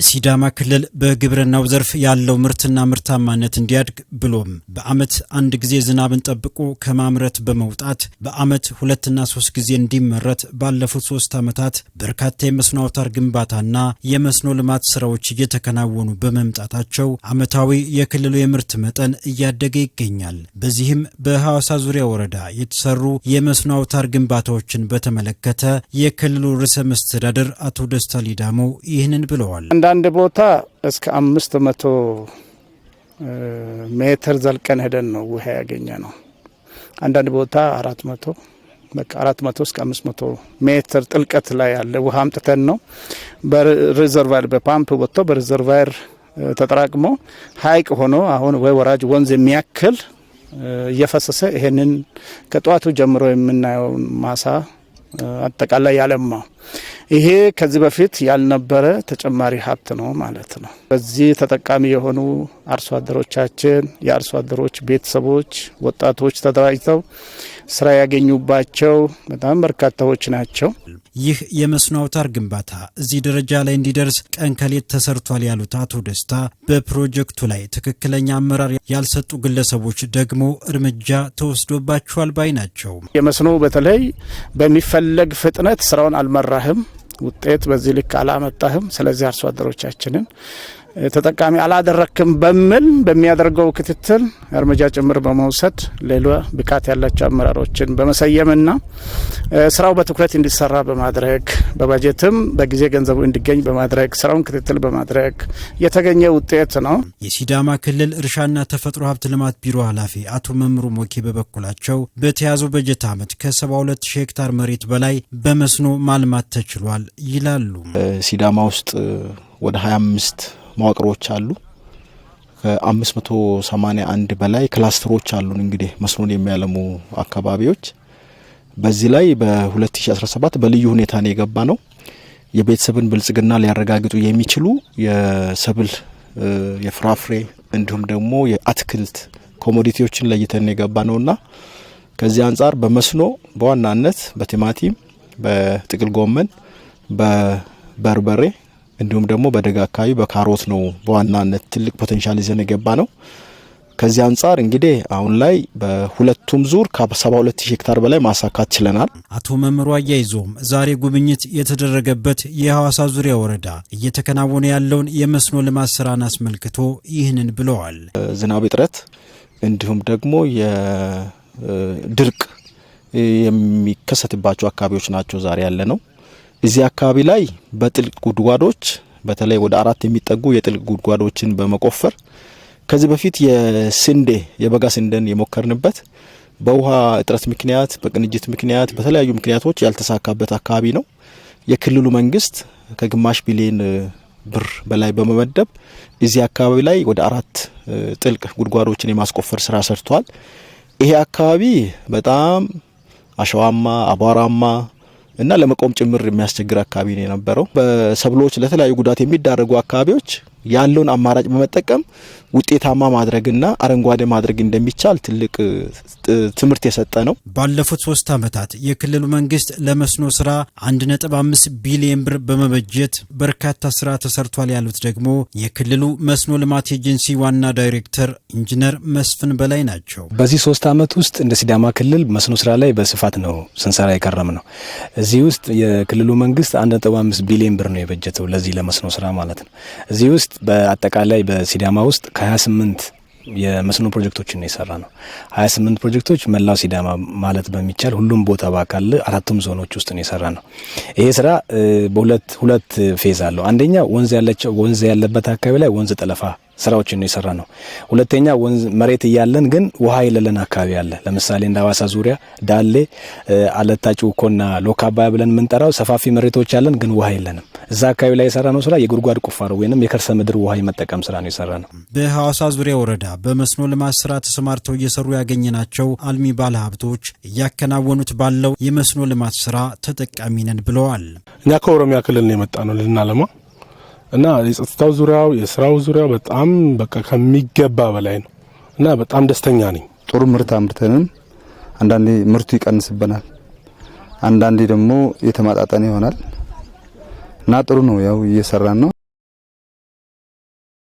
በሲዳማ ክልል በግብርናው ዘርፍ ያለው ምርትና ምርታማነት እንዲያድግ ብሎም በዓመት አንድ ጊዜ ዝናብን ጠብቆ ከማምረት በመውጣት በዓመት ሁለትና ሶስት ጊዜ እንዲመረት ባለፉት ሶስት ዓመታት በርካታ የመስኖ አውታር ግንባታና የመስኖ ልማት ስራዎች እየተከናወኑ በመምጣታቸው ዓመታዊ የክልሉ የምርት መጠን እያደገ ይገኛል። በዚህም በሐዋሳ ዙሪያ ወረዳ የተሰሩ የመስኖ አውታር ግንባታዎችን በተመለከተ የክልሉ ርዕሰ መስተዳደር አቶ ደስታ ሊዳሞ ይህንን ብለዋል። አንዳንድ ቦታ እስከ አምስት መቶ ሜትር ዘልቀን ሄደን ነው ውሃ ያገኘ ነው። አንዳንድ ቦታ አራት መቶ በቃ አራት መቶ እስከ አምስት መቶ ሜትር ጥልቀት ላይ ያለ ውሃ አምጥተን ነው በሪዘርቫር በፓምፕ ወጥቶ በሪዘርቫር ተጠራቅሞ ሀይቅ ሆኖ አሁን ወይ ወራጅ ወንዝ የሚያክል እየፈሰሰ ይሄንን ከጠዋቱ ጀምሮ የምናየውን ማሳ አጠቃላይ ያለማው ይሄ ከዚህ በፊት ያልነበረ ተጨማሪ ሀብት ነው ማለት ነው። በዚህ ተጠቃሚ የሆኑ አርሶ አደሮቻችን፣ የአርሶ አደሮች ቤተሰቦች፣ ወጣቶች ተደራጅተው ስራ ያገኙባቸው በጣም በርካታዎች ናቸው። ይህ የመስኖ አውታር ግንባታ እዚህ ደረጃ ላይ እንዲደርስ ቀን ከሌት ተሰርቷል ያሉት አቶ ደስታ በፕሮጀክቱ ላይ ትክክለኛ አመራር ያልሰጡ ግለሰቦች ደግሞ እርምጃ ተወስዶባቸዋል ባይ ናቸው። የመስኖ በተለይ በሚፈለግ ፍጥነት ስራውን አልመራህም ውጤት በዚህ ልክ አላመጣህም። ስለዚህ አርሶ አደሮቻችንን ተጠቃሚ አላደረክም በሚል በሚያደርገው ክትትል እርምጃ ጭምር በመውሰድ ሌሎ ብቃት ያላቸው አመራሮችን በመሰየምና ስራው በትኩረት እንዲሰራ በማድረግ በበጀትም በጊዜ ገንዘቡ እንዲገኝ በማድረግ ስራውን ክትትል በማድረግ የተገኘ ውጤት ነው። የሲዳማ ክልል እርሻና ተፈጥሮ ሀብት ልማት ቢሮ ኃላፊ አቶ መምሩ ሞኬ በበኩላቸው በተያዘው በጀት ዓመት ከ72 ሺህ ሄክታር መሬት በላይ በመስኖ ማልማት ተችሏል ይላሉ። ሲዳማ ውስጥ ወደ 25 መዋቅሮች አሉ ሰማኒያ አንድ በላይ ክላስተሮች አሉን እንግዲህ መስኖን የሚያለሙ አካባቢዎች። በዚህ ላይ በ2017 በልዩ ሁኔታ ነው የገባ ነው። የቤተሰብን ብልጽግና ሊያረጋግጡ የሚችሉ የሰብል የፍራፍሬ እንዲሁም ደግሞ የአትክልት ኮሞዲቲዎችን ለይተን የገባ ነውና ከዚህ አንጻር በመስኖ በዋናነት በቲማቲም፣ በጥቅል ጎመን፣ በበርበሬ እንዲሁም ደግሞ በደጋ አካባቢ በካሮት ነው በዋናነት ትልቅ ፖቴንሻል ይዘን የገባ ነው። ከዚህ አንጻር እንግዲህ አሁን ላይ በሁለቱም ዙር ከ72000 ሄክታር በላይ ማሳካት ችለናል። አቶ መምሩ አያይዞም ዛሬ ጉብኝት የተደረገበት የሐዋሳ ዙሪያ ወረዳ እየተከናወነ ያለውን የመስኖ ልማት ስራን አስመልክቶ ይህንን ብለዋል። ዝናብ እጥረት እንዲሁም ደግሞ የድርቅ የሚከሰትባቸው አካባቢዎች ናቸው ዛሬ ያለ ነው። እዚህ አካባቢ ላይ በጥልቅ ጉድጓዶች በተለይ ወደ አራት የሚጠጉ የጥልቅ ጉድጓዶችን በመቆፈር ከዚህ በፊት የስንዴ የበጋ ስንዴን የሞከርንበት በውሃ እጥረት ምክንያት በቅንጅት ምክንያት በተለያዩ ምክንያቶች ያልተሳካበት አካባቢ ነው። የክልሉ መንግስት ከግማሽ ቢሊዮን ብር በላይ በመመደብ እዚህ አካባቢ ላይ ወደ አራት ጥልቅ ጉድጓዶችን የማስቆፈር ስራ ሰርቷል። ይሄ አካባቢ በጣም አሸዋማ አቧራማ እና ለመቆም ጭምር የሚያስቸግር አካባቢ ነው የነበረው። በሰብሎች ለተለያዩ ጉዳት የሚዳረጉ አካባቢዎች ያለውን አማራጭ በመጠቀም ውጤታማ ማድረግና አረንጓዴ ማድረግ እንደሚቻል ትልቅ ትምህርት የሰጠ ነው። ባለፉት ሶስት ዓመታት የክልሉ መንግስት ለመስኖ ስራ 1.5 ቢሊዮን ብር በመበጀት በርካታ ስራ ተሰርቷል ያሉት ደግሞ የክልሉ መስኖ ልማት ኤጀንሲ ዋና ዳይሬክተር ኢንጂነር መስፍን በላይ ናቸው። በዚህ ሶስት ዓመት ውስጥ እንደ ሲዳማ ክልል መስኖ ስራ ላይ በስፋት ነው ስንሰራ የከረም ነው። እዚህ ውስጥ የክልሉ መንግስት 1.5 ቢሊዮን ብር ነው የበጀተው ለዚህ ለመስኖ ስራ ማለት ነው። እዚህ ውስጥ ውስጥ በአጠቃላይ በሲዳማ ውስጥ ከ28 የመስኖ ፕሮጀክቶችን ነው የሰራ ነው። 28 ፕሮጀክቶች መላው ሲዳማ ማለት በሚቻል ሁሉም ቦታ ባካል አራቱም ዞኖች ውስጥ ነው የሰራ ነው። ይሄ ስራ በሁለት ሁለት ፌዝ አለው። አንደኛ ወንዝ ያለበት አካባቢ ላይ ወንዝ ጠለፋ ስራዎችን ነው የሰራ ነው። ሁለተኛ ወንዝ መሬት እያለን ግን ውሃ የሌለን አካባቢ አለ። ለምሳሌ እንደ ሀዋሳ ዙሪያ ዳሌ፣ አለታ ጩኮና ሎካ አባያ ብለን የምንጠራው ሰፋፊ መሬቶች ያለን ግን ውሃ የለንም። እዛ አካባቢ ላይ የሰራ ነው ስራ የጉድጓድ ቁፋሮ ወይም የከርሰ ምድር ውሃ የመጠቀም ስራ ነው የሰራ ነው። በሐዋሳ ዙሪያ ወረዳ በመስኖ ልማት ስራ ተሰማርተው እየሰሩ ያገኘናቸው አልሚ ባለ እያከናወኑት ባለው የመስኖ ልማት ስራ ተጠቃሚ ነን ብለዋል። እኛ ከኦሮሚያ ክልል ነው የመጣ ነው ልናለማ እና የጸጥታው ዙሪያው የስራው ዙሪያው በጣም በቃ ከሚገባ በላይ ነው እና በጣም ደስተኛ ነኝ። ጥሩ ምርት አምርተንም አንዳንዴ ምርቱ ይቀንስብናል፣ አንዳንዴ ደግሞ የተመጣጠነ ይሆናል እና ጥሩ ነው። ያው እየሰራን ነው።